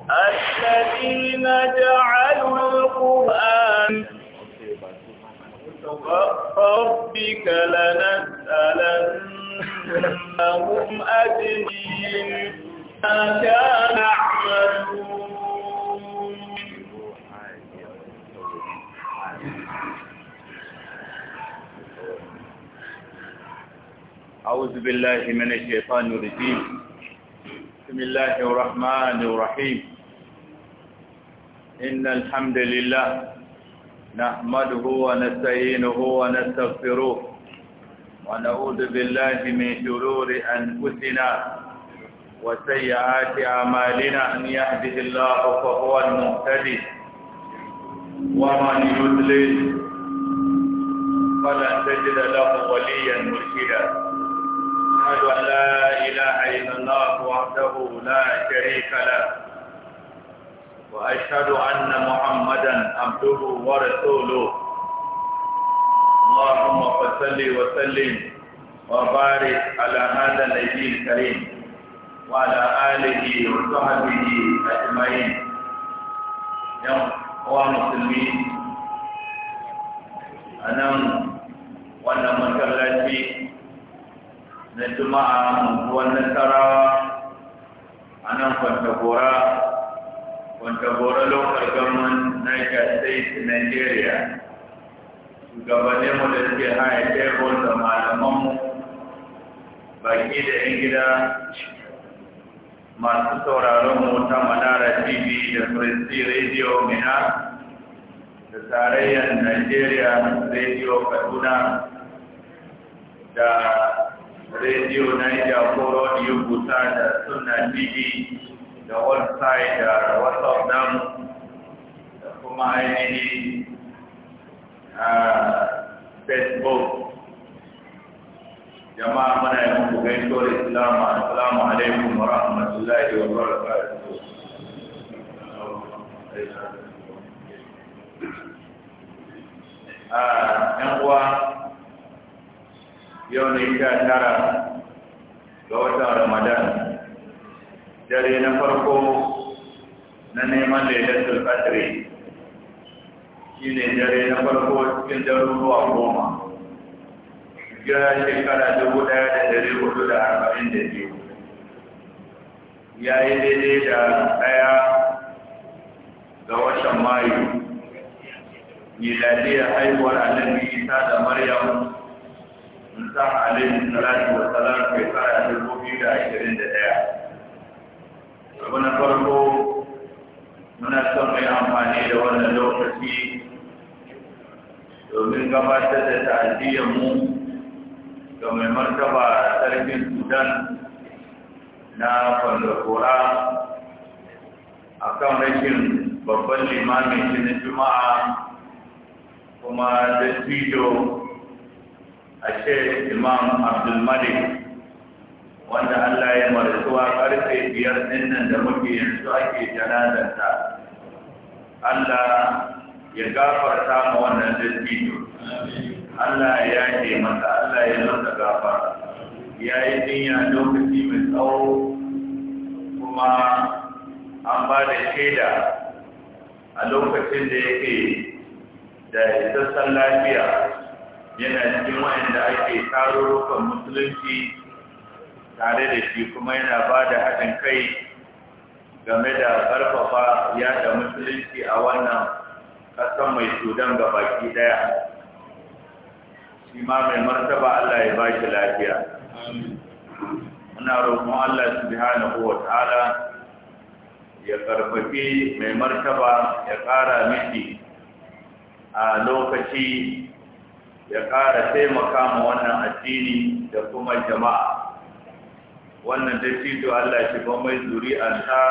الذين جعلوا القرآن ربك لنسألنهم أجمعين ما كان أعوذ بالله من الشيطان الرجيم بسم الله الرحمن الرحيم إن الحمد لله نحمده ونستعينه ونستغفره ونعوذ بالله من شرور أنفسنا وسيئات أعمالنا أن يهده الله فهو المهتدي ومن يضلل فلن تجد له وليا مرشدا أشهد أن لا إله إلا الله وحده لا شريك له وأشهد أن محمدا عبده ورسوله اللهم صل وسلم وبارك على هذا النبي الكريم وعلى آله وصحبه أجمعين يوم هو مسلمين أنا وأنا مسلاتي na juma'a wannan tarawa a nan kwantagora wanda bora lokar gaman Niger State, Nigeria, shugabanninmu da suke haya tebur da malamanmu, baki da 'yan gida masu sauraronmu ta Manara TV da Presti Radio Mina da tarayyar Nigeria Radio Kaduna da Radio Niger Koro Yuguta da suna TV da website da whatsapp namu da kuma ainihin uh, facebook jama'a muna yi muku gaisuwar islamu assalamu alaikum wa rahmatullahi wa barakatuh uh, yan uwa yau ne sha tara ga watan ramadan dare na farko na neman lailatul shi shine dare na farko cikin daruruwa goma gira shekara dubu ɗaya da dari hudu da arba'in da biyu ya yi daidai da ɗaya ga watan mayu miladiyar haihuwar annabi isa da maryam nsa alaihi salatu wa salam shekara dubu biyu da ashirin da ɗaya abu na farko muna son mai amfani da wannan lokaci domin gabatar da mu ga mai martaba sarkin sudan na kwandakura a kan rashin babban limamin shi na juma'a kuma da a ashe imam abdulmalik wanda Allah ya marasuwa karfe biyar din nan da muke yanzu ake janazarta Allah ya gafarta ma wannan dattijo Allah ya ke masa Allah ya masa gafara ya yi jinya lokaci mai tsawo kuma an ba da shaida a lokacin da yake da isassan lafiya yana cikin wa'anda ake tarurrukan musulunci tare da shi kuma yana ba da haɗin kai game da ƙarfafa yada musulunci a wannan ƙasar mai sudan ga baki ɗaya shi ma mai martaba Allah ya ba shi lafiya muna roƙon Allah subhanahu wa ta'ala ya ƙarfafi mai martaba ya ƙara miki a lokaci ya ƙara taimaka ma wannan addini da kuma jama'a wannan to Allah ya shiga mai zuri zuri'arsa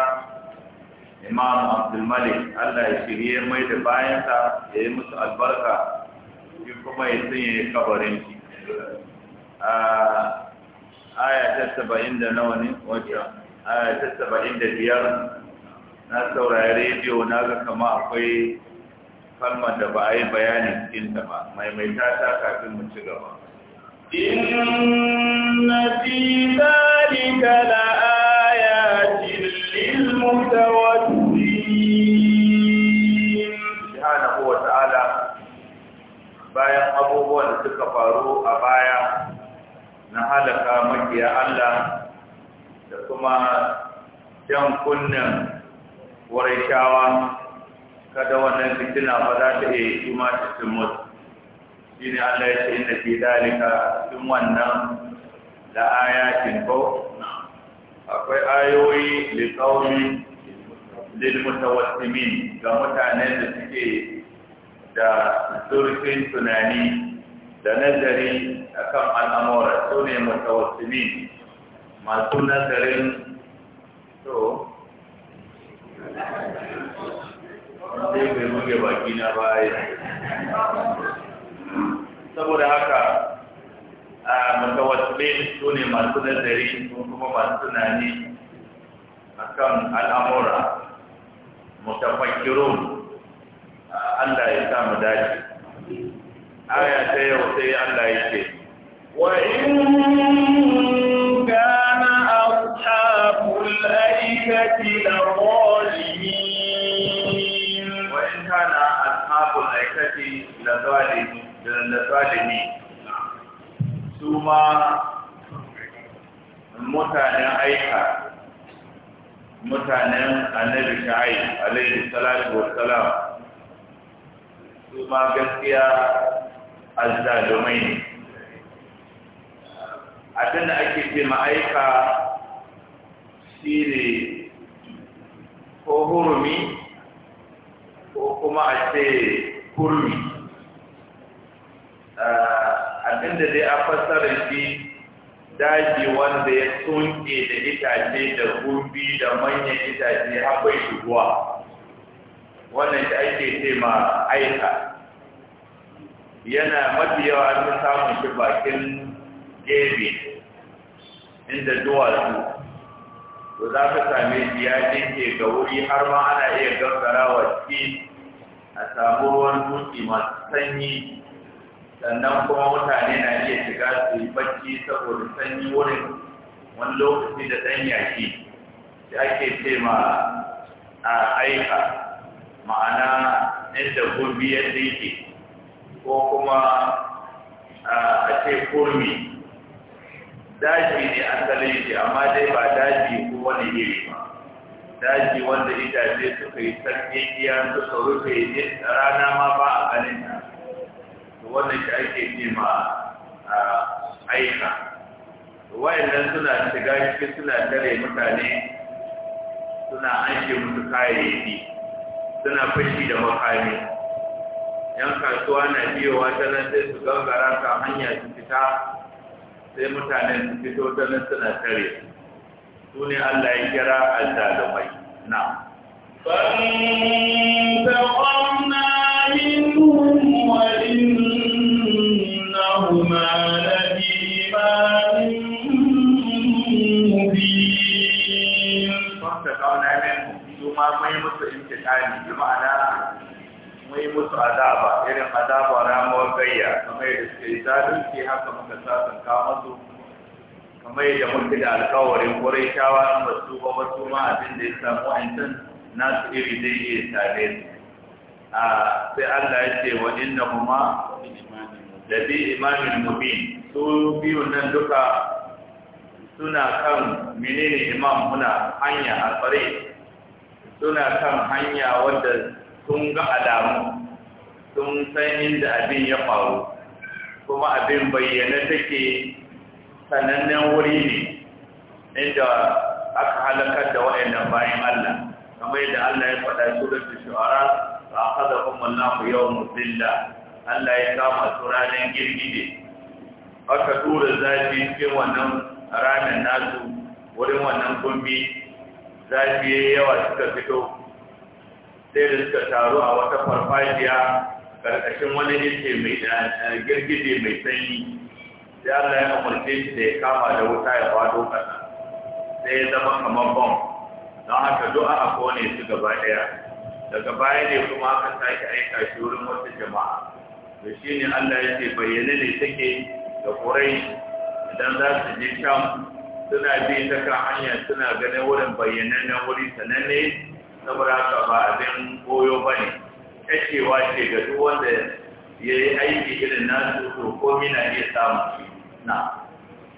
Imam Abdul Malik Allah ya shirye mai da bayansa ya yi musu albarka shi kuma ya sanya kabarin shi aya ta saba'in da nawa ne aya ta saba'in biyar na saurari rediyo na ga kama akwai kalmar da ba a yi bayani cikinta ba maimaita ta kafin mu ci gaba bayan abubuwan da suka faru a baya na halaka makiya Allah da kuma jan kunnen wurin shawa kada wannan fitina ba za ta iya yi kuma ta cin mutu shi Allah ya ce inda fi dalika tun wannan da ayatin ko akwai ayoyi li qaumi lil mutawassimin ga mutanen da suke da zurfin tunani da nazari akan al'amura su ne mutawassimin masu nazarin to ya bai muke baki na baya saboda haka a mutawassilin su ne masu nazari ko kuma masu tunani kan al'amura mutafakkirun Allah ya sa mu aya ta yau sai Allah ya ce wa kana a tsakon aikaci da wa in kana al-salimi su ma mutanen aika mutanen annabi sha'ai alaihi salatu salam su ma gaskiya azzalumai ne can da ake ce ma'aika shi ne ko hurumi ko kuma a ce hurumi inda zai a fassara shi daji wanda ya tsunke da itace da gurbi da manyan itace akwai shiguwa wannan shi ake ce ma aika yana mafi yawa an fi samun shi bakin gebe inda duwatsu to za ka same shi ya ga wuri har ma ana iya gangarawa shi a samu ruwan dutse masu sanyi sannan kuma mutane na iya shiga su yi bacci saboda sanyi wurin wani lokaci da ɗan yaki da ake ce ma a aika ma'ana inda gurbi ya tsinke ko kuma a ce kurmi daji ne asalin amma dai ba daji ko wani iri ba daji wanda itace suka yi sarki iya suka rufe rana ma ba a ganin ta wannan shi ake ce ma aika wayannan suna shiga cikin suna tare mutane suna aike musu kayayyaki suna fashi da makami yan kasuwa na biyowa ta nan sai su gangara kan hanya su fita sai mutane su fito ta nan suna tare su ne Allah ya kira al-dalumai na فانتقمنا منهم ma mai musu intiqami bi ma'ana mai musu azaba irin azaba ramuwar gayya kamar yadda suka yi zalunci haka muka sasan ka musu kamar yadda muka da alƙawarin ƙwarai shawa in ba su ba ba su ma abin da ya samu na su iri zai iya tare su sai Allah ya ce wa inna kuma da bi imamin mubin su biyu nan duka suna kan menene imam muna hanya alfarai suna kan hanya wadda sun ga alamu sun san inda abin ya faru kuma abin bayyana take sanannen wuri ne inda aka halakar da wa'annan bayan Allah kamar yadda Allah ya faɗa da haɗa kuma fa akhadhahum Allahu mu dhilla Allah ya kama su ranar girgide aka tura zafi cikin wannan ranar nasu wurin wannan gumbi zafi ya yawa suka fito sai da suka taru a wata farfajiya ƙarƙashin wani yake mai girgije mai sanyi sai Allah ya amurce shi da ya kama da wuta ya fado ƙasa sai ya zama kamar bom don haka du'a a kone su gaba ɗaya daga baya ne kuma aka sake aika shi wurin wata jama'a da shi ne Allah ya ce bayyane ne take da ƙorai? idan za su je sham suna bi ta kan hanya suna ganin wurin bayyanannen wuri sananne saboda haka ba abin koyo ba ne kacewa ce ga duk wanda ya yi aiki irin nasu to komi na iya samun shi na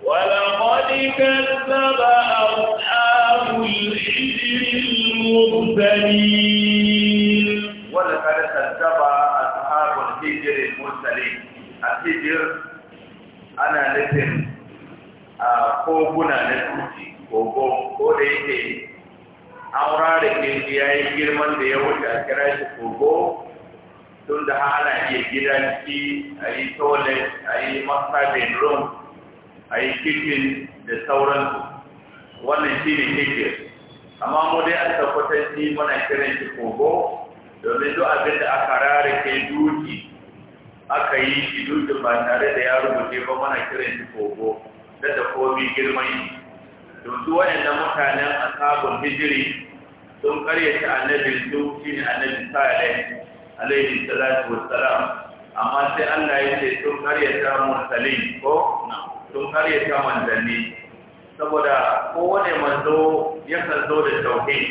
ولقد كذب أصحاب الحجر المرسلين ولقد كذب أصحاب الحجر المرسلين الحجر أنا نفهم a koguna na tuci kogo ko da yake an da kirji ya yi girman da ya wuce a kira shi kogo tun da ana iya gidan a yi toilet a yi masajin bedroom a yi kitchen da sauransu wannan shi ne kitchen amma mu dai a tabbatar shi muna kiran shi kogo domin duk abin da aka rara ke duki aka yi shi duki ba tare da ya rubuce ba mana kiran shi kogo da da komi girman shi don su waɗannan mutanen asabun hijiri sun karyata Annabi su shi ne annabi salih alaihi salatu wassalam amma sai Allah ya ce sun karyata mursalin ko sun karyata manzanni saboda kowane manzo yakan zo da tauhid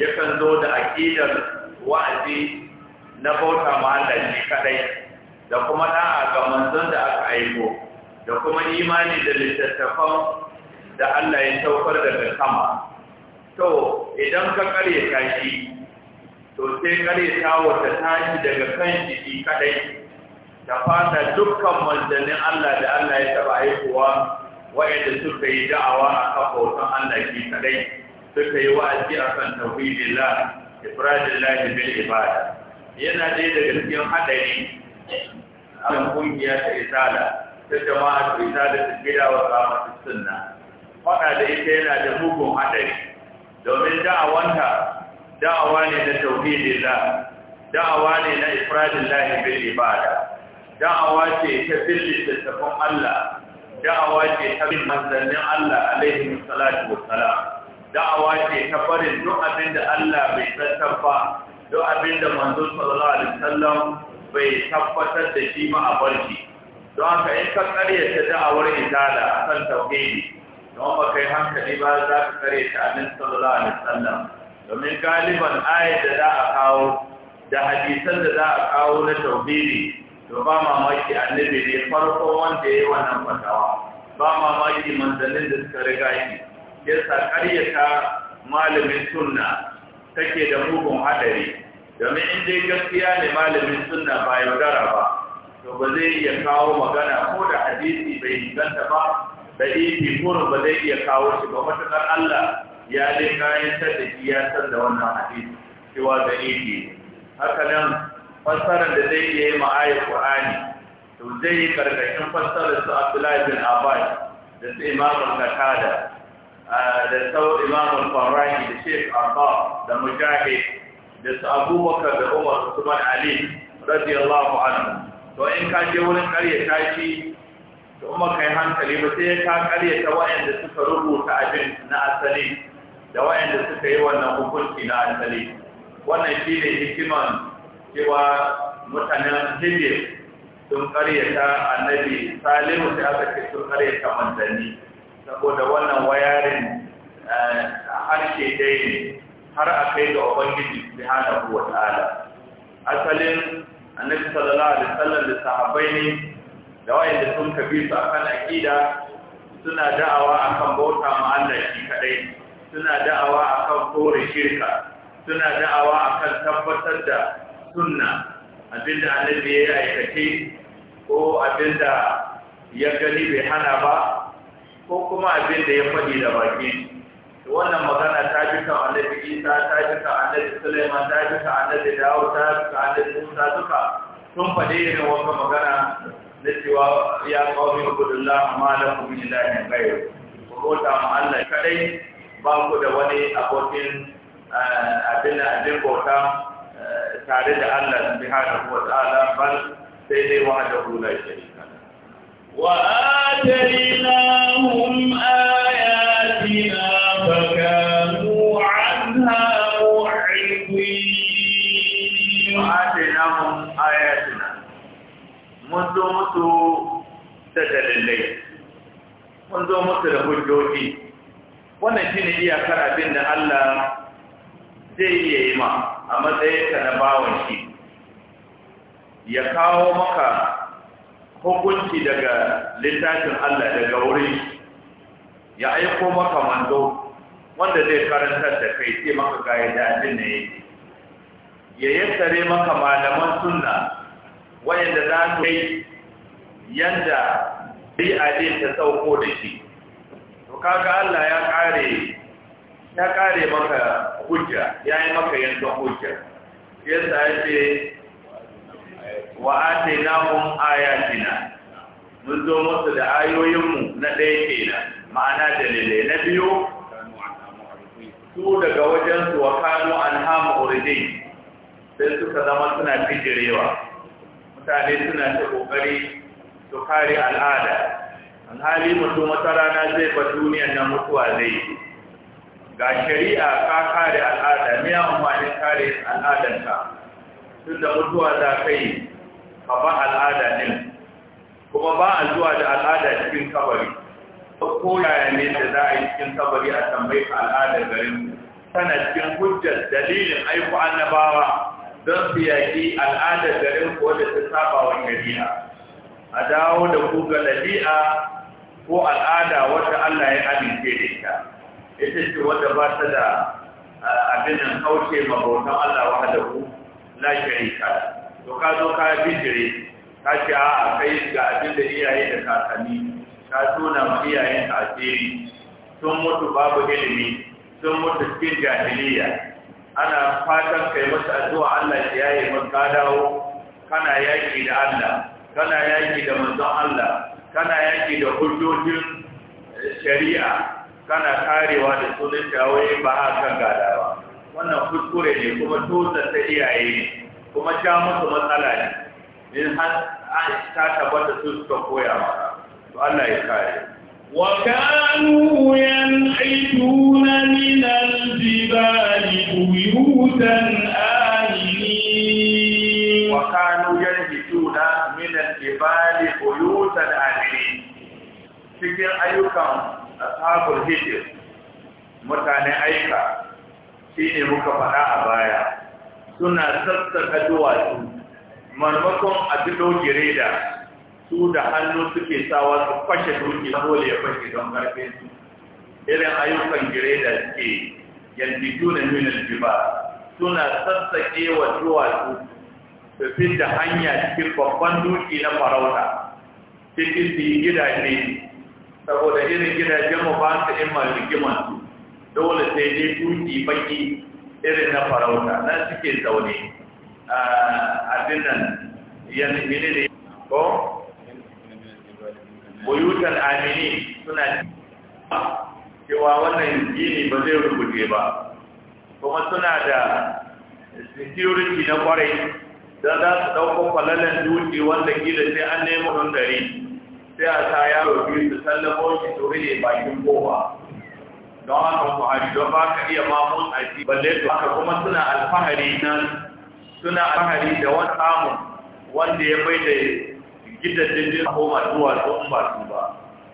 yakan zo da aqidar wa'azi na bauta ma Allah ne kadai da kuma da'a ga manzon da aka aiko da kuma imani da littattafan da Allah ya saukar daga sama to idan ka kare kashi to sai kare tawo ta tashi daga kan jiki kaɗai, da fata dukkan manzannin Allah da Allah ya taba aikowa wayanda suka yi da'awa a kafofin Allah shi kadai suka yi wa'azi akan tauhidillah ifradillah bil ibada yana dai daga cikin haɗari a kungiya ta isala ta jama'a ta da tafiya wa kamar sunna faɗa da ita yana da mugun haɗari domin da'awanta da'awa ne na tauhidin la da'awa ne na ifradin lahi bil ibada da'awa ce ta billi tattafin Allah da'awa ce ta bin manzannin Allah alaihi salatu wa salam. da'awa ce ta barin duk abin da Allah bai tattafa duk abin da manzo sallallahu alaihi wasallam bai tabbatar da shi ba a barci don haka in ka karyata da'awar a akan tauhidi don ba kai hankali ba za ka karyata annabi sallallahu alaihi wasallam domin galiban ayat da za a kawo da hadisan da za a kawo na tauhidi to ba mamaki annabi ne farko wanda ya yi wannan fatawa ba mamaki manzannin da suka riga shi yasa karyata malamin sunna take da mugun hadari domin in dai gaskiya ne malamin sunna ba yaudara ba to ba zai iya kawo magana ko da hadisi bai inganta ba da ifi kurin ba zai iya kawo shi ba matuƙar Allah ya dai kayan da shi ya san da wannan hadisi cewa da ifi haka nan fassarar da zai iya yi ma'ayar Qur'ani to zai yi karkashin fassarar su Abdullahi bin Abbas da su Imam Qatada da sau Imam Farahi da Sheikh Abba da Mujahid da su Abubakar da Umar Usman Ali radiyallahu anhu to in ka je wurin karyata shi to kuma kai hankali ba sai ka karyata wayanda suka rubuta abin na asali da wayanda suka yi wannan hukunci na asali wannan shi ne hikiman cewa mutanen hijir sun karyata annabi salihu da aka ce sun karyata manzanni saboda wannan wayarin eh, harshe dai har a kai ga ubangiji subhanahu wa ta'ala asalin annabi sallallahu alaihi wasallam da sahabbai ne da da sun kafi su akan aqida suna da'awa akan bauta ma Allah shi kadai suna da'awa akan kore shirka suna da'awa akan tabbatar da sunna abinda annabi ya aikace ko abinda ya gani bai hana ba ko kuma abinda ya faɗi da baki wannan magana ta fi kan annabi Isa ta fi kan annabi Sulaiman ta fi kan annabi Dawud ta fi kan annabi Musa duka sun faɗe irin wannan magana na cewa ya qawmi amma ma lakum min ilahin ghayr ku rota ma Allah kadai ba ku da wani abokin eh, abin da abin bauta eh, tare da Allah bi subhanahu wa ta'ala bal sai dai wahdahu la sharika wa atainahum ayatan mun zo musu da dalilai mun zo musu da hujjoji wannan shi ne iyakar abin da Allah zai iya yi ma a matsayinka na bawan shi ya kawo maka hukunci daga littafin Allah daga wuri. ya aiko maka mando wanda zai karantar da kai sai maka ga yadda abin ne ya yassare maka malaman sunna wayanda za su yadda yanda bi din ta sauko da shi to kaga Allah ya kare ya kare maka hujja ya yi maka yanzu hujja yasa ya ce wa atainahum ayatina mun zo musu da ayoyinmu na ɗaya kenan ma'ana dalilai na biyu su daga wajen su wa kanu an hamu sai suka zama suna fijirewa mutane suna ta kokari su kare al'ada an hali mutum wata rana zai ba duniyan na mutuwa zai ga shari'a ka kare al'ada miya amfanin kare al'adanka tun da mutuwa za ka yi ka ba al'ada ɗin kuma ba a zuwa da al'ada cikin kabari ko yaya ne da za a yi cikin kabari a tambayi al'adar garin tana cikin hujjar dalilin aiko annabawa don su al'adar garin ko da ta saba wa ɗabi'a a dawo da ku ga ɗabi'a ko al'ada wata Allah ya amince da ita ita ce wadda ba ta da abin nan kauce mabautan Allah da na la ka. to ka zo ka bijire ka ce a kai ga abin da iyaye da kakanni ka tona ma iyayen asiri sun mutu babu ilimi sun mutu cikin jahiliya ana fatan kai masa addu'a Allah ya yi maka dawo kana yaki da Allah kana yaki da manzon Allah kana yaki da hujjojin shari'a kana karewa da sunan tawaye ba haka gadawa wannan kuskure ne kuma tosa ta iyaye ne kuma ja musu matsala ne in har ta tabbata su suka koya maka to Allah ya kare wa kanu yanhituna min بيوتا yan hituna ينهتون من الجبال بيوتا آمنين cikin ayyukan ashabul hijir mutane aika shi ne muka faɗa a baya suna sassaka duwatsu marmakon a gireda su da hannu suke sawa su fashe duki dole ya fashe don karfe su irin ayyukan gireda suke yanzu da minar suna sassaƙe wa duwatsu su fita hanya cikin babban duki na farauta cikin su yi gidaje saboda irin gidajen mu ba su in masu rigimansu dole sai dai duki baki irin na farauta na suke zaune a abin nan yanzu ne ko buyutan amini suna cewa wannan gini ba zai rubuce ba kuma suna da security na kwarai don za su ɗauko falalan duki wanda gida sai an nemi hundari sai a sa yaro biyu su sallama shi su ne bakin kowa don haka ku hari don ba ka iya mamun aji balle to haka kuma suna alfahari na suna alfahari da wani samun wanda ya bai da gidajen jirgin koma zuwa sun ba su ba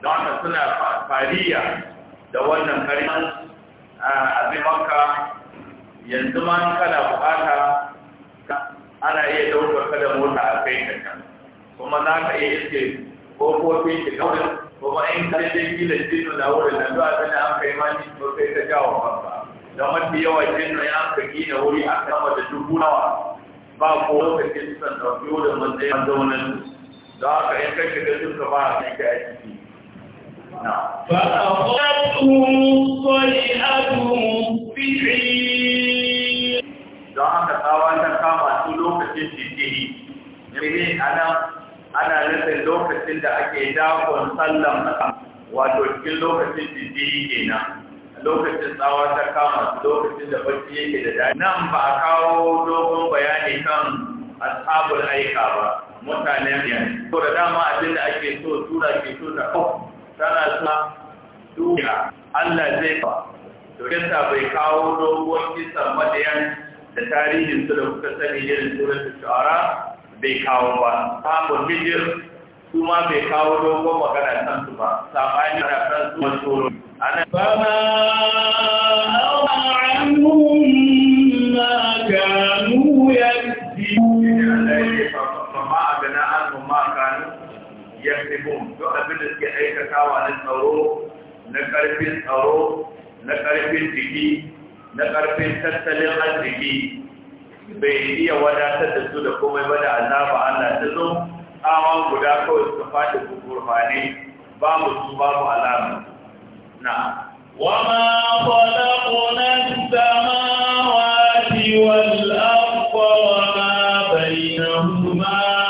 don haka suna fariya da wannan karin azimanka yanzu ma kana bukata ana iya daukar kada mota a kai ta kan kuma za ka iya iske kofofin ki kawai kuma in ka je kila jinnu na wurin nan zuwa ta an kai mani ko sai ta jawo kanka da mafi yawa jinnu ya ka gina wuri a sama da dubu nawa ba ko lokacin sun ɗauki wurin matsayin zaunan da haka in ka shiga duka ba a kai ka ciki فأخذتهم الصيحة مصبحين don haka tsawa ta kama su lokacin ana ana nufin lokacin da ake dakon sallan wato cikin lokacin ke nan, lokacin tsawa ta kama su lokacin da bacci yake da dadi nan ba a kawo dogon bayani kan ashabul aika ba mutanen yanzu to da dama abinda ake so tura ke so ta tana sa duniya Allah zai ba, to kisa bai kawo dogon kisa madayan da tarihin su da kuka sani irin suratul shawara. bai kawo ba samun hijir su ma bai kawo dogon magana kan su ba sabani da kan su wasu ana ba ma boom duk abin da suke aikatawa na tsaro na karfin na karfin jiki na karfin tattalin arziki bai iya wadatar da su da kuma wada azaba Allah ta zo tsawa guda kawai suka fata kukur hane ba mu su ba mu alamu na wa ma fada ƙunan sama wa ma bayyana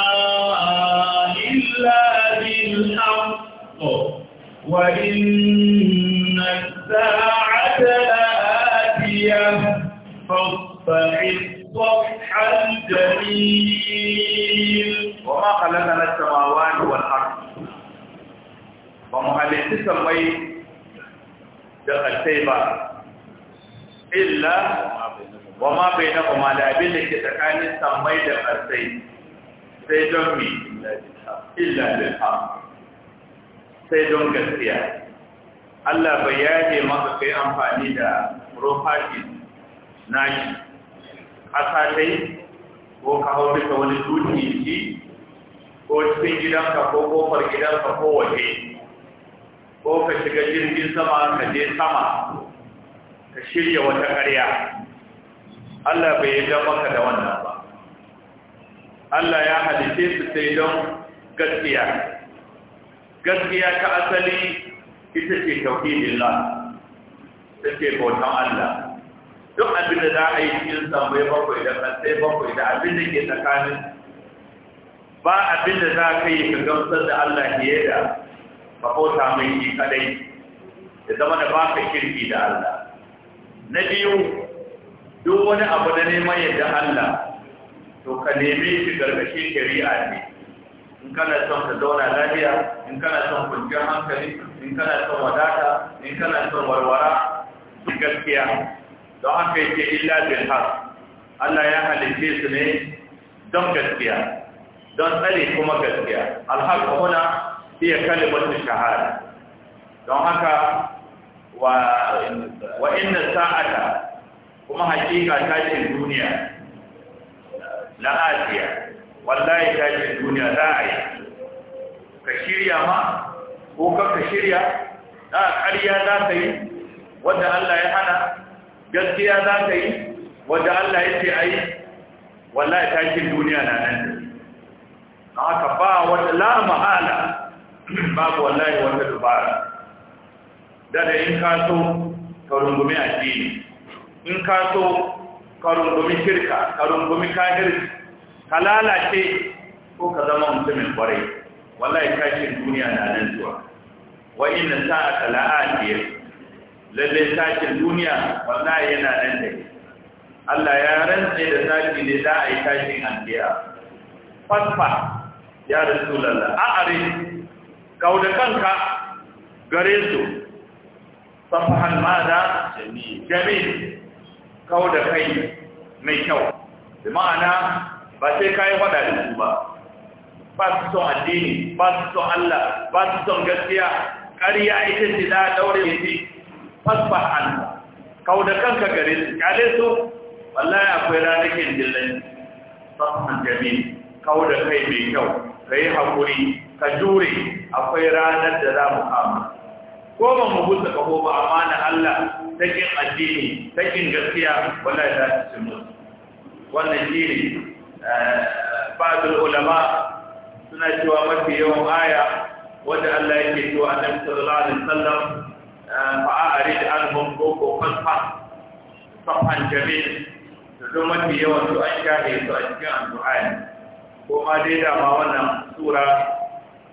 الحق وإن الساعة لآتية فاصبح الصبح الجميل وما خلقنا السماوات والأرض وما خلقنا السماوات والأرض إلا وما بينهما لا بين كتكان السماء والأرض سيدهم إلا بالحق sai don gaskiya Allah bai yaje maka kai amfani da property nashi ƙasa dai, ko ka hau bisa wani duki shi ko cikin gidanka ko kofar gidanka ko waje ko ka shiga jirgin sama ka je sama ka shirya wata ƙarya Allah bai yi maka da wannan ba Allah ya halice su sai don gaskiya gaskiya ta asali ita ce tauhidillah ita ce bautan Allah duk abin da za a yi cikin samuwa bakwai da kasai bakwai da abin da ke tsakanin ba abin da za ka yi ka gamsar da Allah fiye da makota mai shi kadai da zama da ba ka kirki da Allah na biyu duk wani abu da neman yadda Allah to ka neme shi gargashin shari'a ne in kana son ka zauna lafiya in kana son kwanciyar hankali in kana son wadata in kana son warwara su gaskiya don haka yake illa bil haq Allah ya halice su ne don gaskiya don tsare kuma gaskiya alhaq huna hiya kalimatu shahada don haka wa wa inna sa'ata kuma hakika tashin duniya la'atiya wallahi tashin duniya za a yi ka shirya ma ko ka shirya a ƙarya za ka yi wadda Allah ya hana gaskiya za ka yi wadda Allah ya ce a yi wallahi tashin duniya na nan da haka ba wata la mahala babu wallahi wata dubara da da in ka so ka rungumi addini in ka so ka rungumi shirka ka rungumi kafirci ka lalace ko ka zama mutumin kwarai wallahi tashin duniya na nan zuwa wa inna sa'ata la'atiya lalle tashin duniya wallahi yana nan da Allah ya rantse da tashi ne za a yi tashin anbiya fasfa ya rasulallah a'ari kau da kanka gare su safahan mada jami'in kau da kai mai kyau da ma'ana ba sai kayan faɗa da su ba ba su son addini ba su son Allah ba su son gaskiya ƙarya ita ce da daure ya ce fasfa Allah kau da kanka gare su kyale su wallahi akwai ranakin dillan fasfan jami'i kau da kai mai kyau ka yi haƙuri ka jure akwai ranar da za mu kama ko ba mu busa kaho ba amma Allah sakin addini sakin gaskiya wallahi za ta ci musu wannan shi ne ba'dul ulama suna cewa mafi yawan aya wanda Allah yake cewa annabi sallallahu alaihi wasallam fa a'rid anhum ko khalfan safan jami'in da don mafi yawan su an shafe su a cikin alqur'ani ko ma dai da ma wannan sura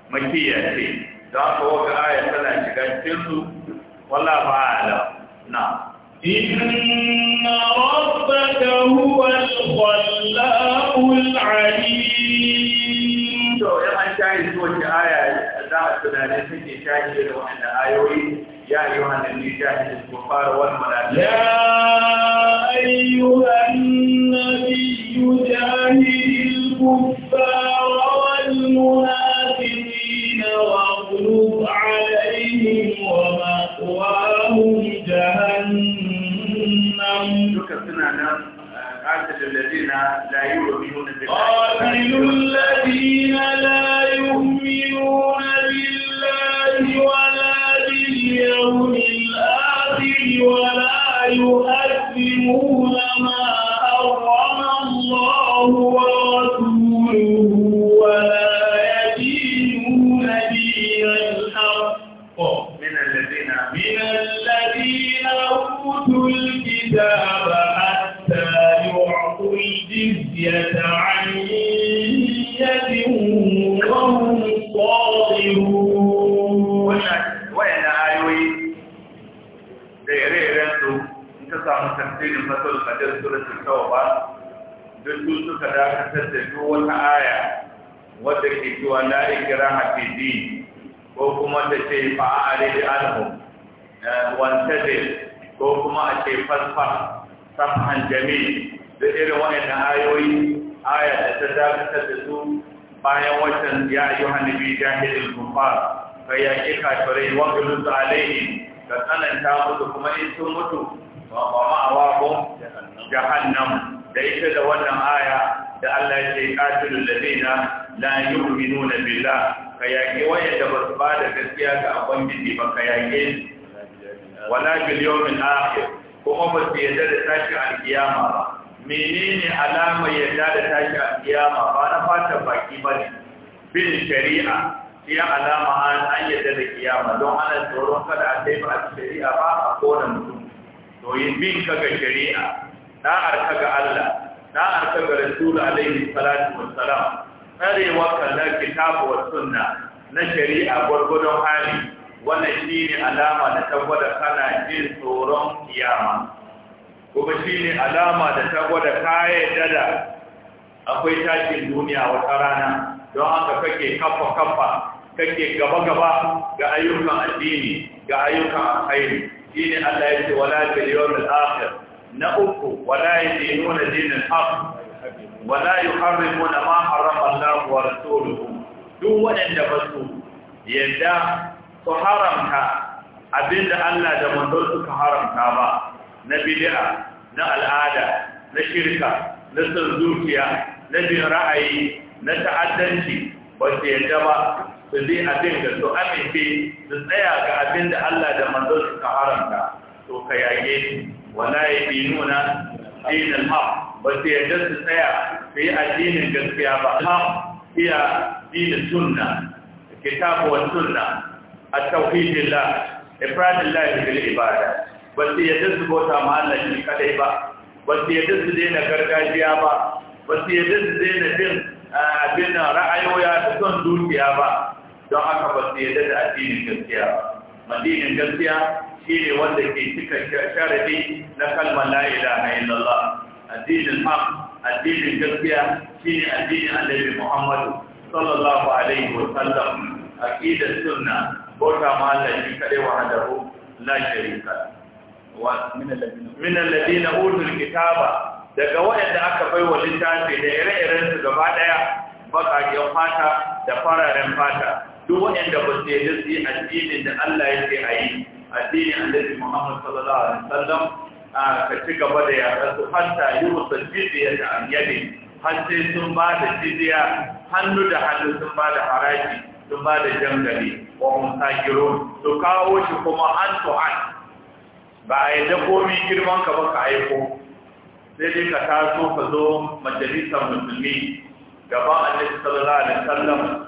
makiyya ce da aka waka aya tana shiga cikin su wala fa'ala na inna rabb ربك هو الخلاق العليم to in an shahi su wace aya za a tunanin take shahi da wannan ayoyi ya ayyuhan nabi shahi da kufar wal malaika ya ayyuhan nabi jahidil kufar wal لا يؤمنون بالله mu tafsirin fatul qadir suratul ba? duk su suka dakatar da duk wata aya wadda ke cewa la ikraha fi din ko kuma ta ce fa'ari da anhu eh, wantadir ko kuma a ce fasfa safhan jami'i da irin na ayoyi aya da ta dakatar da su bayan watan ya yi hannubi jahilin kufar kai ya ƙi kafirai wa gulun alaihi ka tsananta musu kuma in sun mutu ma'awahum jahannam da ita da wannan aya da Allah ya ce qatilul ladina la yu'minuna billah ka yaƙi wayanda ba su ba da gaskiya ga ubangiji ba ka yaƙe wala biliyomin yawmil akhir kuma ba su yarda da tashi alkiyama ba menene alama yarda da tashi alkiyama ba na fatan baki ba ne bin shari'a iya alama an yarda da kiyama don ana tsoron kada a taifa a shari'a ba a kona mutum to yin bin ka ga shari'a na arka ga Allah na arka ga Rasul alaihi salatu wassalam kare wa na kitabu wa sunna na shari'a gwargwadon hali wannan shine alama da tabbata kana jin tsoron kiyama kuma shine alama da tabbata kai dada akwai tashin duniya wata rana don haka kake kafa kafa kake gaba-gaba ga ayyukan addini ga ayyukan alkhairi shi ne Allah ya ce wala bil yawmil akhir na uku wala yadinuna dinal haq wala yuharrimuna ma harrama Allah wa rasuluhu duk wanda ba su yadda su haramta abinda Allah da manzon suka haramta ba na bid'a na al'ada na shirka na san zuciya na bin ra'ayi na ta'addanci ba su yadda ba su bi abin da su amince su tsaya ga abin da Allah da manzo suka haramta to ka yage su wala ya bi nuna dinin haq ba su yadda su tsaya su yi addinin gaskiya ba haq iya dinin sunna kitabu wa sunna a tauhid lillah ifradin lahi bil ibada ba su yadda su bauta ma Allah shi kadai ba ba su yadda su daina gargajiya ba ba su yadda su daina bin abin ah, ra'ayoyi da son dukiya ba don haka ba su yadda da addinin gaskiya addinin gaskiya ne wanda ke cika sharadi na kalmar la ilaha illallah addinin haq addinin gaskiya ne addinin annabi Muhammadu sallallahu alaihi wa sallam aqidat sunna bota ma Allah shi kadai wahdahu la sharika wa min alladhina min alladhina utul kitaba daga waɗanda aka baiwa littafi da ire-irensu gaba daya bakaƙen fata da fararen fata duk waɗanda ba su yadda su yi addinin da Allah ya ce a yi addinin annabi Muhammad sallallahu alaihi wasallam ka ci gaba da yaran su hatta yi musu jizya da annabi har sai sun ba da jizya hannu da hannu sun ba da haraji sun ba da jangali wa musakirun su kawo shi kuma an to an ba a yadda komi girman ka ba ka aiko sai dai ka taso ka zo majalisar musulmi gaban annabi sallallahu alaihi wasallam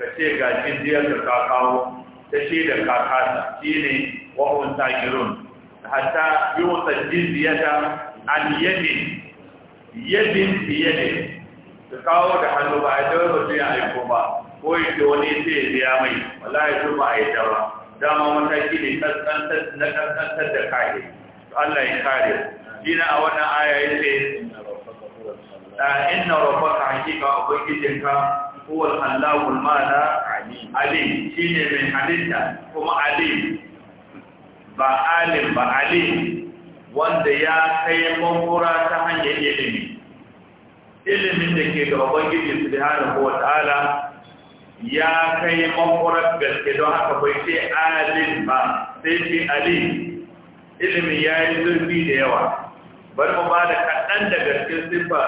ka ce ga jindiyar da ka kawo ta shi da kakata shi ne wa'un takirun hatta yi wata jindiyata an yadin yadin yadin ka kawo da hannu ba a dawo mutum ya aiko ba ko yake wani sai ya biya mai wallahi su ba a yi da ba dama mataki ne na kaskantar da kare Allah ya kare dina a wannan aya ya ce inna rabbaka hakika ubangijinka هو al المال mala alim shine mai halitta kuma alim ba alim ba alim wanda ya kai mamura ta hanyar ilimi ilimin da ke ga ubangiji wa ta'ala ya kai mamura gaske don haka bai ce alim ba sai ce alim ilimin ya yi zurfi da yawa bari mu ba da kaɗan da gaske siffa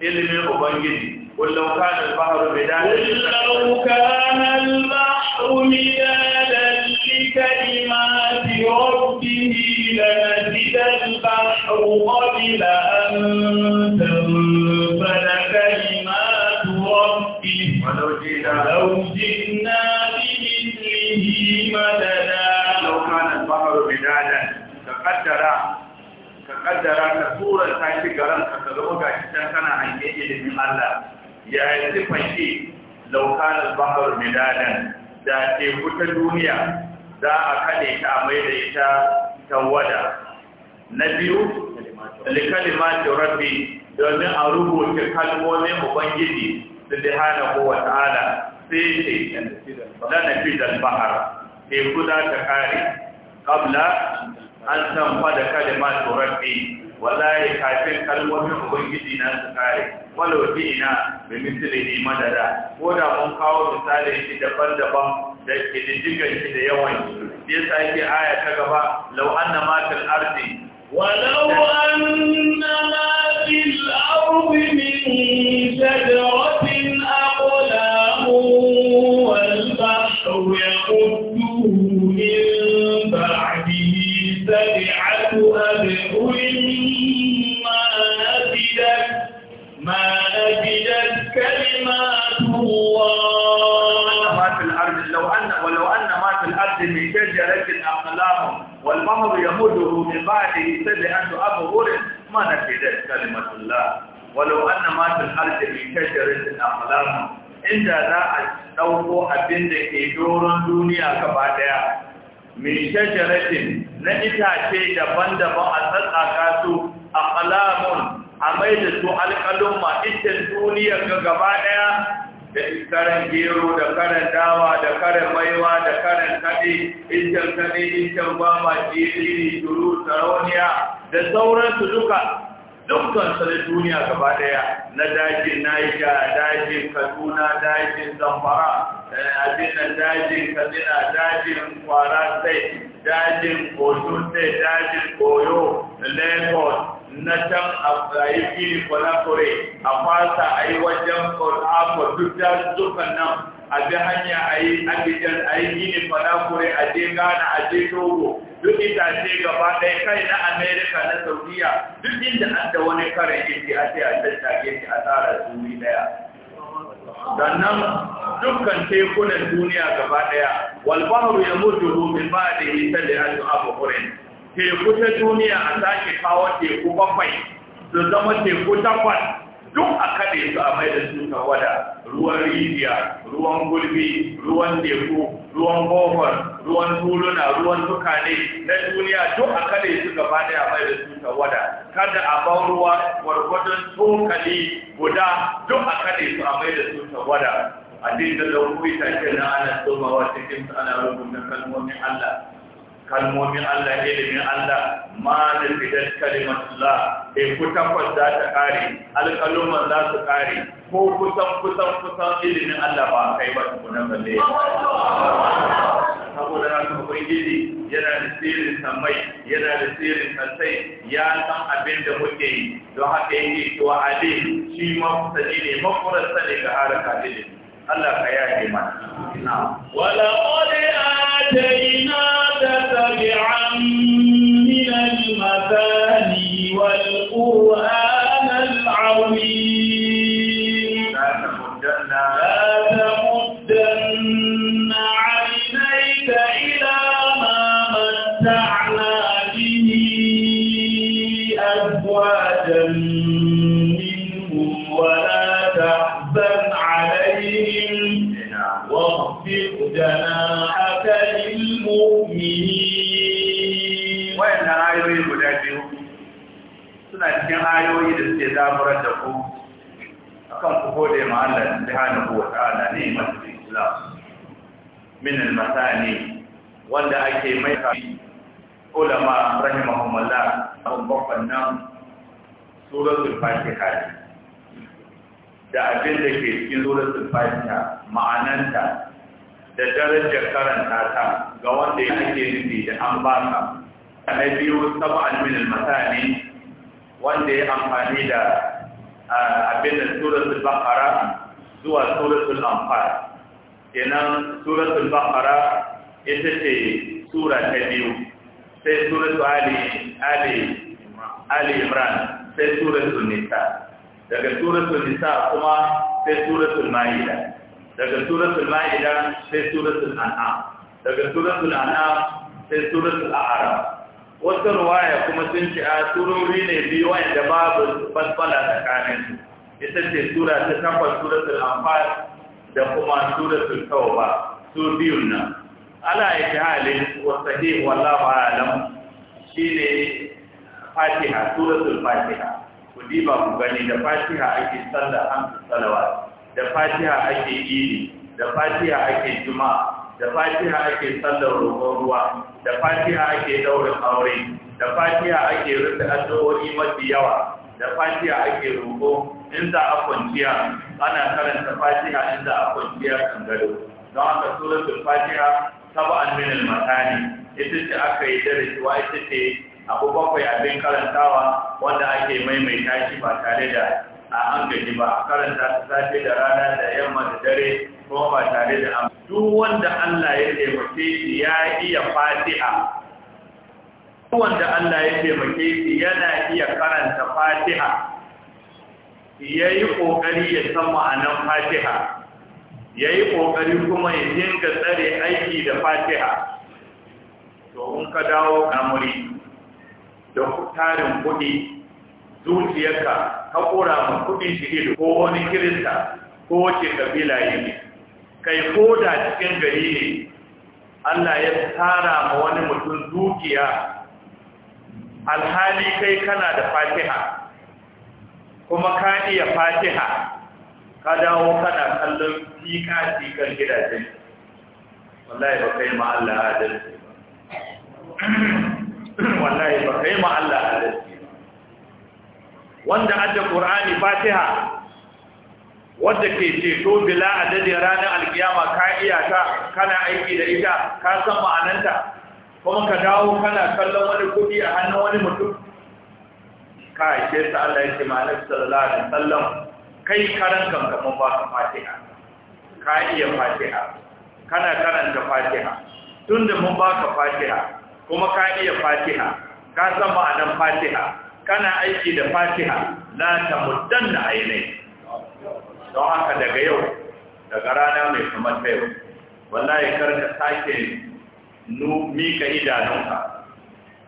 ilimin ubangiji ولو كان البحر مدادا قل كان البحر مدادا لكلمات ربه لنفد البحر قبل أن تنفد كلمات ربه ولو جئنا لو جئنا بمثله مددا لو كان البحر مدادا تقدر ka kaddara ka tura ta shi garan ka ka zama gashi can ya yi shi laukanar bahar midadan da teku ta duniya za a kaɗe ta mai da ita tawada na biyu likalimatin rabbi domin a rubuta kalmomin ubangiji da dihana ko wata'ala sai ce na nafi da bahar teku za ta kare ƙabla an san fada kalimatin rabbi wallahi kafin kalmomin ubangiji na su kare walau ina da mislihi madada ko da mun kawo misalin shi daban-daban da kididdigan shi da yawan shi ya yasa aya ta gaba law anna na fil ardi walau anna ma fil ardi min wal bahru Na taimakon sallar da asubar Amurin kuma na fi da kalimantar Lalla, wanda an namar da har da mintancen rashin a inda za a dauko abin da ke doron duniya gaba ɗaya. Mintancen rashin na itace daban-daban a tsallaka duk al-alamu, a maida su al-kalunmu a iccen gaba ɗaya. da karan gero da karan dawa da karan maiwa da karan kaɗe incan kaɗe incan ma jiri turu sarauniya da sauransu duka dukkan sarar duniya gaba daya na dajin naija dajin kaduna dajin zamfara abinan dajin kadina dajin kwara sai dajin kotu sai dajin koyo lagos na can a yi fili kwalakore a fasa a yi wajen kwalakore duk dajin dukkan nan a bi hanya ayi yi abijan a gini fada a je ghana a je togo duk ce gaba ɗaya kai na amerika na saudiya duk inda an da wani karin inda a ce a tattake shi a tsara ɗaya sannan dukkan tekunan duniya gaba ɗaya walbaharu ya mutu min ba da yi a abu teku ta duniya a sake kawo teku bakwai su zama teku takwas duk a kaɗe su a mai da su wada. ruwan rijiya ruwan gulbi ruwan teku ruwan bohon ruwan tuluna ruwan tukane na duniya duk a kaɗe su gaba ɗaya a mai da su wada. kada a ban ruwa gwargwadon tokali guda duk a kaɗe su a mai da su wada. a dinga ta ke na ana tsomawa cikin ana na kalmomin Allah kalmomin Allah ilimin Allah ma da fitar kalimatullah bai eh, kusan za ta kare alƙaluman za su kare ko kusan kusan kusan ilimin Allah ba kai ba su kuna balle saboda na su ubangiji yana da sirrin samai yana da sirrin kansai ya san abin da muke yi don haka yake cewa alim shi mafusani ne mafurarsa ne ga harka ilimi Allah ka yaje mana na'am wala qad atayna tabi'an min al-masani wal qur'an al-'azim suna cikin ayoyi da suke zaburar da ku kan ku gode ma Allah subhanahu wa ta'ala ne masu islam min al ne wanda ake mai kafi ulama rahimahumullah an bakwan nan suratul fatiha da abin da ke cikin suratul fatiha ma'ananta da darajar karanta ta ga wanda ya yake nufi da an baka na biyu sab'an min al ne. wanda ya amfani da abin da suratul bakara zuwa suratul anfal kenan suratul bakara ita ce sura ta biyu sai suratul ali ali ali imran sai suratul nisa daga suratul nisa kuma sai suratul maida daga suratul maida sai suratul an'am daga suratul an'am sai suratul a'raf wata ruwaya kuma sun ce a surori ne biyu wanda babu fasfala tsakanin ita ce tura ta takwas suratul amfani da kuma suratul ba su biyun nan ala ijhalin wa sahih wallahu alam ne fatiha suratul fatiha ku diba ku gani da fatiha ake sallah hamsu salawa da fatiha ake idi da fatiha ake juma'a da fatiha ake sallar roƙon ruwa da fatiha ake daure aure da fatiha ake rufe addu'o'i mafi yawa da fatiha ake roƙo in za a kwanciya ana karanta fatiha in za a kwanciya kan gado don haka suratul fatiha sab'an min al-matani ita ce aka yi darasuwa ita ce abu bakwai abin karantawa wanda ake maimaita shi ba tare da a hankali ba a karanta safe da rana da yamma da dare kuma ba tare da amma duk wanda Allah ya taimake shi ya iya fatiha duk wanda Allah ya taimake shi yana iya karanta fatiha ya yi ƙoƙari ya san ma'anar fatiha ya yi ƙoƙari kuma ya dinga tsare aiki da fatiha to in ka dawo kamuri da tarin kuɗi zuciyarka ka kora ma kudin shi ko wani kirista ko wace kabila yake kai ko da cikin gari ne Allah ya tsara ma wani mutum dukiya alhali kai kana da fatiha kuma ka iya fatiha ka dawo kana kallon tika tikan gidajen wallahi ba kai ma Allah adalci ba wallahi ba kai ma Allah adalci wanda adda qur'ani fatiha wadda ke ceto bila adadi ranar alkiyama ka iya ta kana aiki da ita ka san ma'ananta kuma ka dawo kana kallon wani kudi a hannun wani mutum ka aike ta Allah ya ce ma'anar sallallahu alaihi wasallam kai karan kan kaman ba ka fatiha ka iya fatiha kana karanta fatiha tunda mun baka fatiha kuma ka iya fatiha ka san ma'anar fatiha kana aiki da fatiha la ta muddan da aine don haka daga yau daga rana mai kamar ta yau wallahi karka sake nu mika idanunka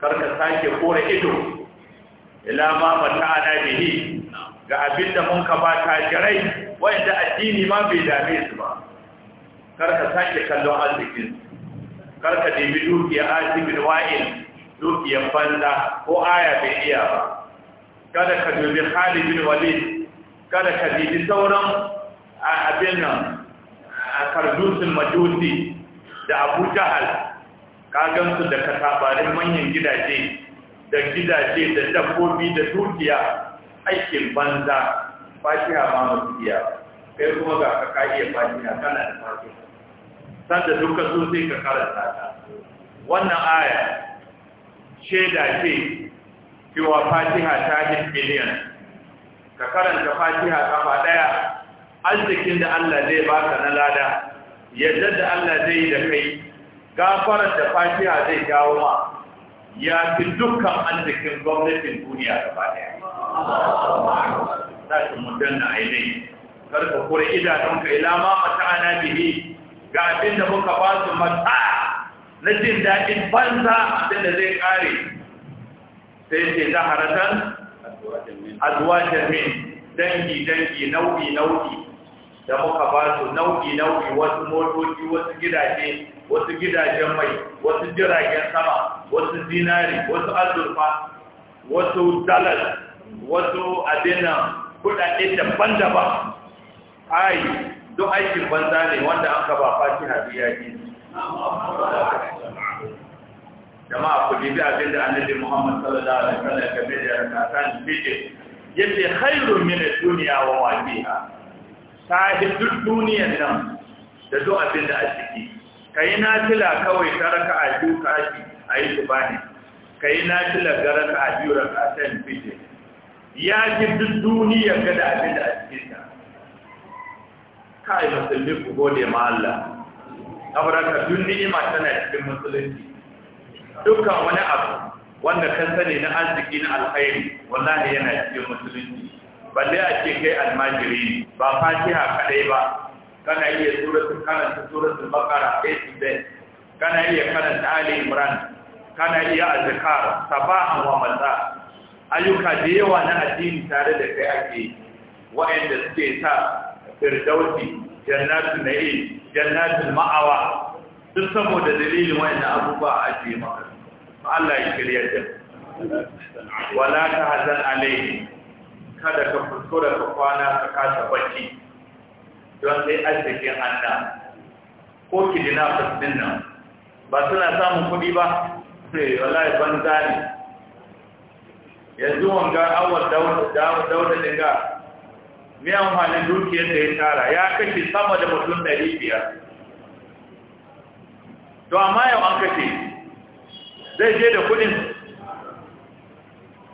karka sake kore ido ila ma mata ana bihi ga abinda da mun ka ba ta jirai wanda addini ma bai dame su ba karka sake kallon arzikin karka duki dukiya asibin wa'il dukiyar banza ko aya bai iya ba kada ka dubi hali bin kada ka dubi sauran abin nan a kardusin majusi da Abu Jahal ka gansu da katabarin manyan gidaje da gidaje da dabbobi da dukiya aikin banza fatiha ma mutiya kai kuma ga ka kaje fatiha kana da fatiha sanda duka su sai ka karanta ta wannan aya shaida ce cewa fatiha ta hit miliyan ka karanta fatiha kafa daya arzikin da Allah zai baka na lada yadda da Allah zai yi da kai gafarar da fatiha zai jawo ma ya fi dukkan arzikin gwamnatin duniya gaba daya za su mutum na ainihi karka kure idanunka ilama mata ana bihi ga abin da muka ba su mata na jin daɗin banza abin da zai ƙare sai ce ta haratan azuwajen min dangi-dangi nau'i-nau'i da muka ba su nau'i-nau'i wasu motoci wasu gidaje wasu gidajen mai wasu jiragen sama wasu zinari wasu azurfa wasu dalar wasu adina kudade daban-daban ai duk aikin banza ne wanda aka ba fashi biya ne jama'a ku dibi abin da annabi Muhammad sallallahu alaihi wasallam game da rakatan fiqh yace khairu min ad-dunya wa ma fiha sahib duk duniyar nan da duk abin da a ciki kai na tila kawai ta a duka ka shi ayi tubani kai na tila garaka a biyu rakatan fiqh ya ji duk duniyar ga da abin da a cikin ta kai masallin ku gode ma Allah saboda duk ni'ima tana cikin musulunci dukkan wani abu wanda kan sani na arziki na alkhairi wallahi yana cikin musulunci balle a ce kai almajiri ba fatiha kadai ba kana iya suratul karanta suratul baqara a dai kana iya karanta ali imran kana iya azkar sabahan wa masa ayyuka da yawa na addini tare da kai ake wa'anda suke sa firdausi jannatu na'im jannatul ma'awa duk saboda dalilin wayannan abubuwa a ce maka Allah ya kiriya da wala ta hazan alai kada ka kuskura ka kwana ka kasa bacci don sai arzikin Allah ko ki dina fasin nan ba suna samun kuɗi ba sai eh, wallahi banza ne yanzu wanga awal dawo da dinga mai amfanin dukiyar da ya tara ya kashe sama da mutum ɗari biyar to amma yau an kashe zai je da kudin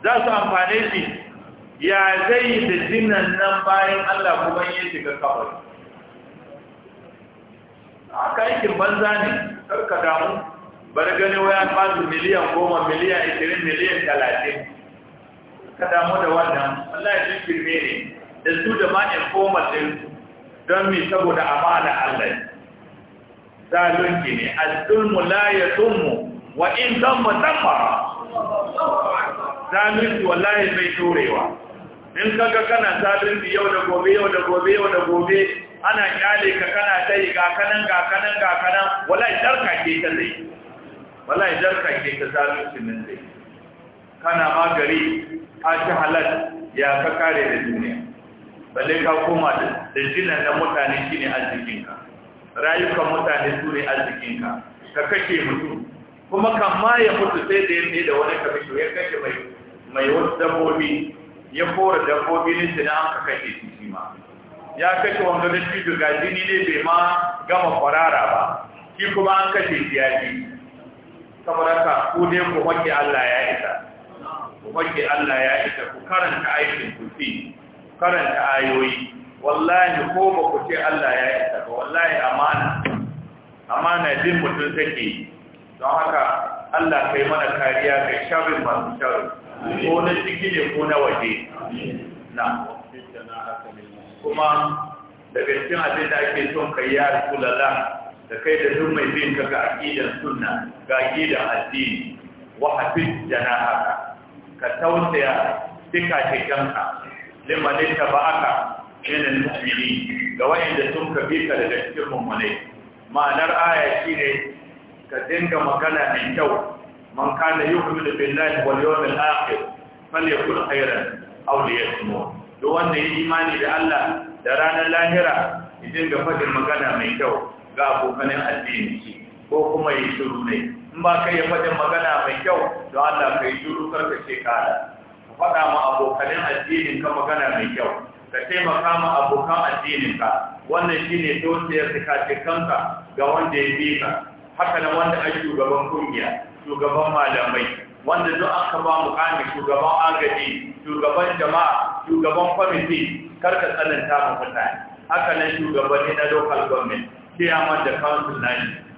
za su amfane shi ya zai da jinan nan bayan Allah kuma ya shiga kawai haka aikin banza ne karka damu bari gani waya fasu miliyan goma miliyan ishirin miliyan talatin ka damu da wannan Allah ya ne da su da ma informal din don mi saboda amana Allah zalunci ne az-zulmu la yatummu wa in tamma tamma zalunci wallahi bai turewa in kaga kana zalunci yau da gobe yau da gobe yau da gobe ana kyale ka kana tai ga kanan ga kanan ga kanan wallahi darka ke ta zai wallahi darka ke ta zalunci nan zai kana magari a ta halal ya ka kare da duniya balle ka koma da jinan na mutane shine arzikinka rayukan mutane su ne arzikinka ka kashe mutum kuma kan ma ya mutu sai da ya da wani kamisho ya kashe mai mai wasu dabbobi ya kora dabbobi ne shi na aka kashe shi shi ma ya kashe wanda da shi ga jini ne bai ma gama kwarara ba shi kuma an kashe shi ya ji saboda ka ku ne ku hake Allah ya isa ku hake Allah ya isa ku karanta aikin ku fi karanta ayoyi wallahi ko ba ku ce Allah ya isa ba wallahi amana amana din mutum take don haka Allah kai mana kariya kai ba masu sharri ko na ciki ne ko na waje na kuma daga cikin abin da ake son kai ya rasulullah da kai da duk mai bin ka ga aqidan sunna ga aqidan addini wa hafiz janahaka ka tausaya dika cikin liman ittaba'aka min al-mu'minin ga wayanda sun kafi ka daga cikin mummune ma'anar aya ne ka dinga magana mai kyau man kana yu'minu billahi wal yawmil akhir falyakul khairan aw liyasmut duk wanda ya imani da Allah da ranar lahira ya dinga faɗin magana mai kyau ga abokanin addini ko kuma ya shiru ne in ba kai ya faɗin magana mai kyau to Allah kai shiru karka ce kada faɗa ma abokanin addinin ka magana mai kyau ka taimaka ma abokan addinin ka wannan shine dosiyar kanka ga wanda ya bi ka haka nan wanda ai shugaban kungiya shugaban malamai wanda duk aka ba mukamin shugaban agaji shugaban jama'a shugaban kwamiti kar ka tsananta ma mutane haka nan shugabanni na local government chairman da council na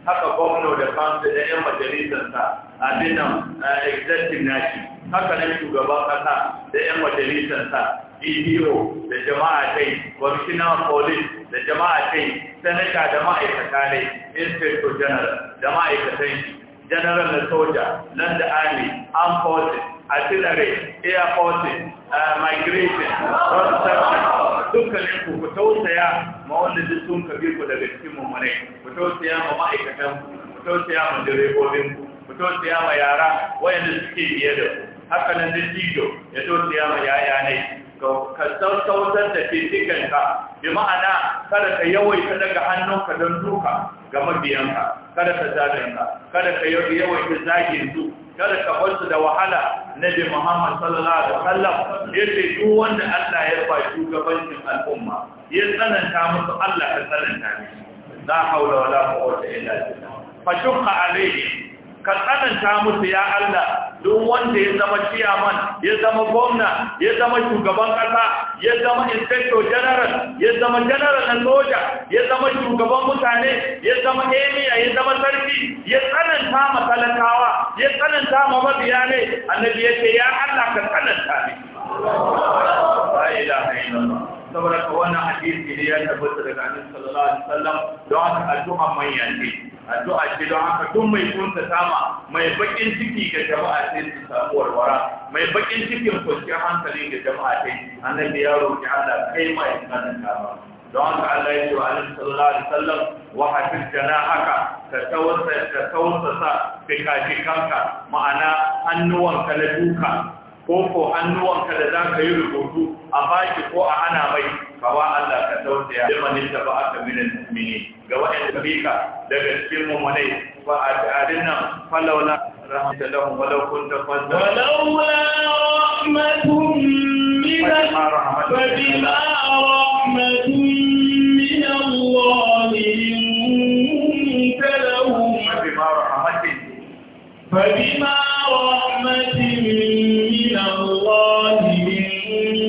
haka gwamna da council da 'yan majalisarsa abin nan na eh, nashi haka nan shugaban kasa da 'yan majalisarsa DPO da jama'a kai, Commissioner Police da jama'a kai, Senator da ma'aikata ne, Inspector General da ma'aikatan shi, General na Soja, da Army, Armed Forces, Artillery, Air Forces, eh, Migration, construction Service, dukkanin ku ku tausaya ma wanda duk sun kabi ku daga cikin mummune, ku tausaya ma ma'aikatan ku, ku tausaya ma direbobin ku, ku tausaya ma yara wayanda suke biye da ku haka nan da jido ya tausaya ma yaya ne ka sautautar da fitikanka bi ma'ana kada ka yawaita daga hannunka don duka ga mabiyanka kada ka zalinka kada ka yawaita zagin su kada ka bar da wahala bi Muhammad sallallahu alaihi wasallam yace duk wanda Allah ya ba shugabancin al'umma ya tsananta musu Allah ka tsananta mishi la haula wala quwwata illa billah fa shukka ka tsananta musu ya Allah duk wanda ya zama ciyaman ya zama gwamna ya zama shugaban kasa ya zama inspector general ya zama general na soja ya zama shugaban mutane ya zama emir ya zama sarki ya tsananta ma talakawa ya tsananta ma mabiya ne annabi yake ya Allah ka tsananta ne la ilaha illallah saboda ka wannan hadisi ne ya tabbata daga annabi sallallahu alaihi wasallam don a addu'an manyan ne addu'a ce don haka duk mai kunta sama mai bakin ciki ga jama'a sai su samu warwara mai bakin cikin kwanciyar hankali ga jama'a sai annabi ya roƙi Allah kai mai ya don haka Allah ya ce wa Annabi sallallahu alaihi wasallam wa janahaka ka tausasa ka fikafikanka ma'ana hannuwanka na duka ko ko hannuwanka da za ka yi rubutu a baki ko a hana mai kawa Allah ka tausaya da mani da ba aka minin mini ga waɗanda bika daga cikin mummunai ba a ta'adin nan falaula rahmatu lahum walau kunta fadda walaula rahmatun min fadima rahmatun min Allah فبما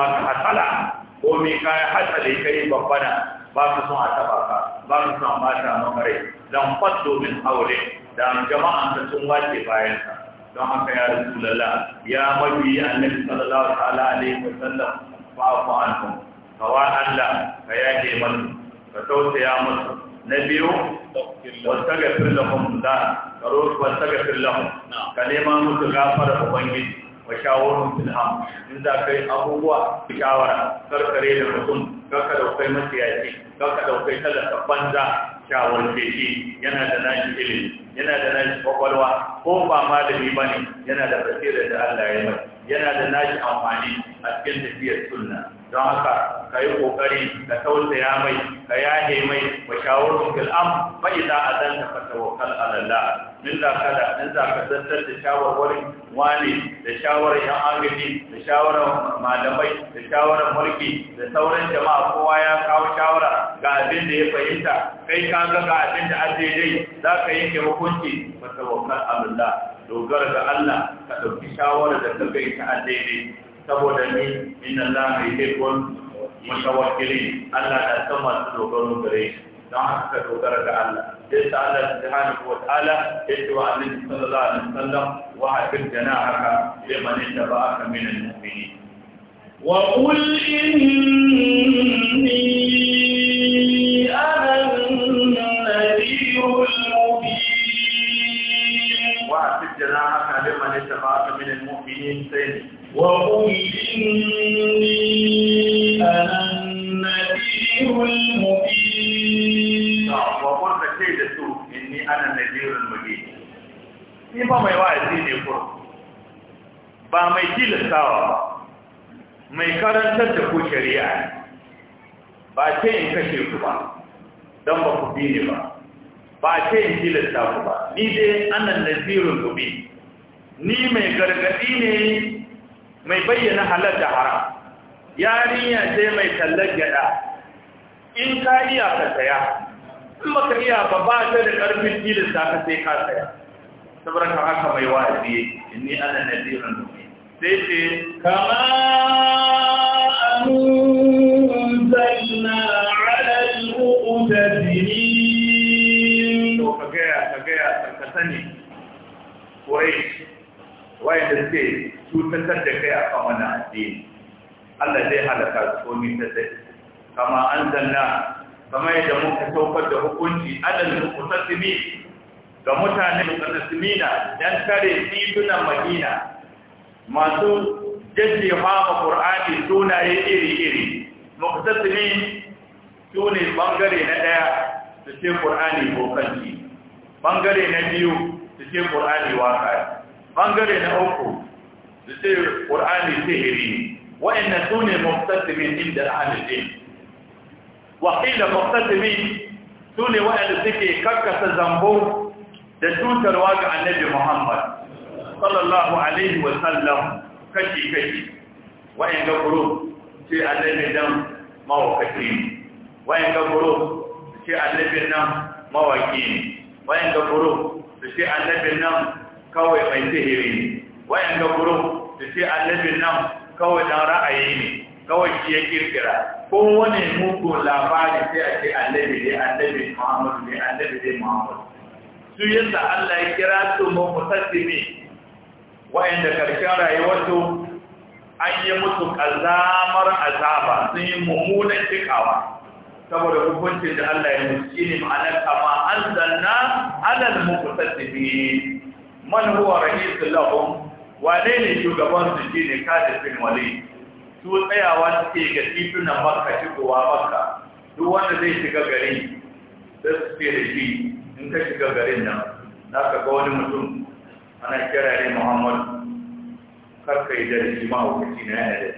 mata ka hasala ko me ka hasale kai babbana ba su sun a taba ka ba su sun a mata a rai dan faddo min aure da jama'an ta sun wace bayan ka don haka ya lalla. ya mabi annabi sallallahu ta'ala alaihi wa sallam fa fa anhum kawa Allah ka yake mana ka tausaya musu na biyu wasta gafir lahum da karo wasta gafir lahum ka nema musu gafara ubangiji wa shawarun fil am in za ka abubuwa shawara karkare da mutum karka daukai maciyaci karka daukai talaka banza shawarce shi yana da nashi ilimi yana da nashi kwakwalwa ko ba malami ba ne yana da basirar da Allah ya mai yana da nashi amfani a cikin tafiyar sunna don haka ka yi kokari ka tausaya mai ka yaye mai wa shawarar fil'am fa a zanta fa tawakkal ala alalla min za ka da in za ka zartar da shawarwarin wani da shawarar yan agaji da shawarar malamai da shawarar mulki da sauran jama'a kowa ya kawo shawara ga abin da ya fahimta kai ka ga ga abin da an daidai za ka yanke hukunci fa tawakkal dogara ga Allah ka ɗauki shawara da ta kai ta daidai saboda ni ina inna Allah mai haifon mutawakkili Allah na san masu dogaro gare shi don haka ka dogara ga Allah sai ta Allah subhanahu ta ta'ala ya ce wa annabi sallallahu alaihi wasallam wa hafir janahaka liman ittaba'aka min al-mu'minin wa qul inni ana جناحك لمن اتبعك من المؤمنين سيدي وقل إني أنا النذير المبين وقل فكيد سوء إني أنا النذير المبين ni ba mai wa'azi ne ko ba mai tilastawa ba mai karantar da ku shari'a ba ce in kashe ku ba don ba ku bi ne ba ba ce in tilasta ku ba ni dai annan nazirin gobe ni mai gargadi ne mai bayyana halar da haram yarinya ce mai tallar gyada in ka iya ka saya in baka iya ba ba ce da karfin tilasta ka sai ka saya saboda haka mai wa'azi inni annan nazirun gobe sai ce kama kurkutar da kai a kan wani addini Allah zai halaka su ko ta sai kama an zanna kama yadda muka saukar da hukunci adal mutasimi ga mutane mutasimina dan kare tituna Madina masu jajjewa ma Qur'ani sunaye iri-iri mutasimi su bangare na daya su ce qur'ani bokanci bangare na biyu su ce qur'ani waka bangare na uku su ce ƙur'ani sihiri wa'annan su ne muftasimin inda ahalin din wakila muftasimin su ne wa'anda suke karkasa zambo da cutarwa ga annabi muhammad sallallahu alaihi wasallam kashi-kashi wa'anda guru ce annabi dan mawakaci ne wa'anda guru ce annabi nan mawaki ne wa'anda guru ce annabi nan kawai da ce annabin nan kawai dan ra'ayi ne kawai shi ya kirkira ko wani mugun labari sai a ce annabi ne annabi muhammadu ne annabi ne muhammadu su yadda allah ya kira su mun musassimi wa'anda karshen rayuwarsu an yi musu kazamar azaba sun yi mummunan cikawa saboda hukuncin da Allah ya musu shine ma'anar kama an zanna alal muqtasibi man huwa rahisul lahum wane ne shugaban su shi ne kada fin wale su tsayawa suke ga titunan makka shigowa makka duk wanda zai shiga gari sai su ce da shi in ka shiga garin nan za ka ga wani mutum ana kira ne muhammad karka yi da shi mahaukaci na yana da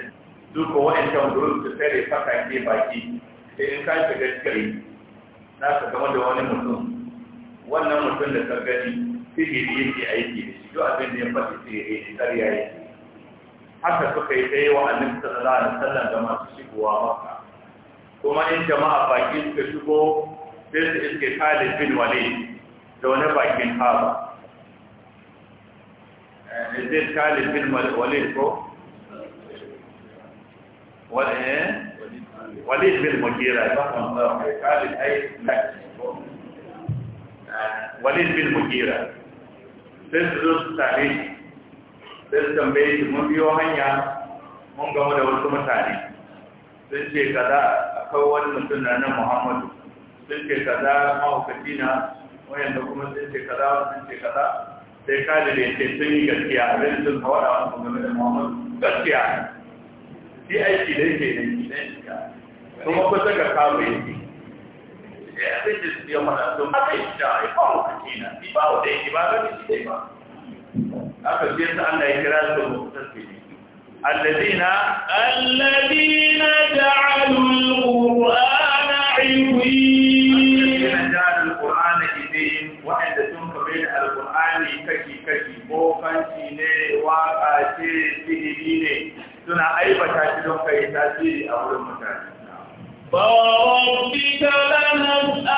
duka can gurin su tsere faka ke baki sai in ka shiga gari za ka gama da wani mutum wannan mutum da ka gani sihiri yake aiki duk abin da ya faɗi sai ya karya yake haka suka yi tsaye wa annabi sallallahu alaihi wasallam da masu shigowa maka kuma in jama'a baki suka shigo sai su iske Khalid bin Walid da wani bakin haba Zai Khalid bin Walid ko? Walid bin Mugira ba kan Khalid ai Walid bin Mugira sai su zo su same sai su tambaye shi mun biyo hanya mun gama da wasu mutane sun ce kaza akwai wani mutum na nan muhammadu sun ce kaza mahaukaci na wayanda kuma sun ce kaza sun ce kaza sai ka da ne ce sun yi gaskiya abin sun kawara wasu game da muhammadu gaskiya shi aiki da ke ne ka kuma kusa ga kawo yake da abin da su biyan mana don haka yi da a yi kawo kake na ni ba wa ɗaya ba ga miki ɗaya ba aka ce su Allah ya kira su da mutum tasiri الذين الذين جعلوا القرآن عوين الذين جعلوا القرآن عوين وعند تنقبل القرآن كشي كشي بوفنشي ne waka ce sihiri ne suna aibata shi don kai tasiri a wurin mutane فوربك لنسألنهم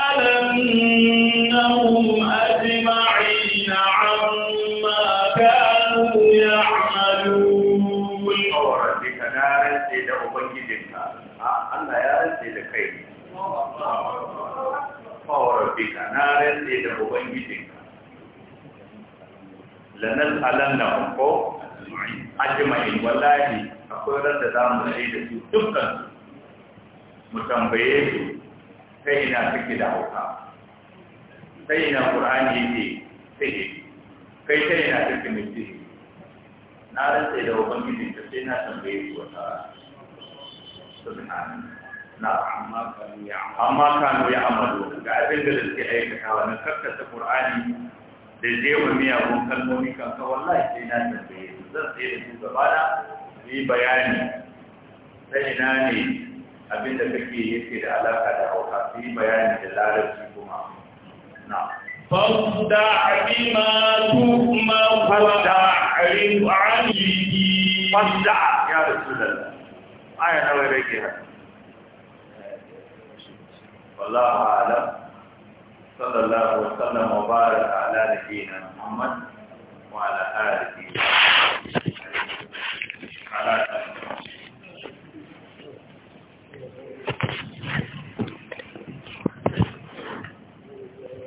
أجمعين عما كانوا يعملون فوربك لا رسي لأبنجدك آه، الله يا رسي لكي فوربك لا رسي لأبنجدك لنسألنهم أجمعين والله أقول لك دام رسي لكي mu tambaye su ta ina suke da hauka ta ina ƙur'ani yake suke kai ta ina suke mai na rantsa da ubangijin ta sai na tambaye su wata subhanahu na amma kanu ya amadu ga abin da suke aikatawa na karkata ƙur'ani da zewa miyagun kalmomi kan wallahi sai na tambaye su zan sai da su gabana? da yi bayani sai na ne abin da kake yake da alaka da hauka su yi bayani da larabci kuma na fauda abima tuhuma fauda arifu alihi fauda ya rasu da aya nawa rage ha wallahu a'lam sallallahu alaihi wasallam wa baraka ala nabiyyina muhammad وعلى آله وعلى آله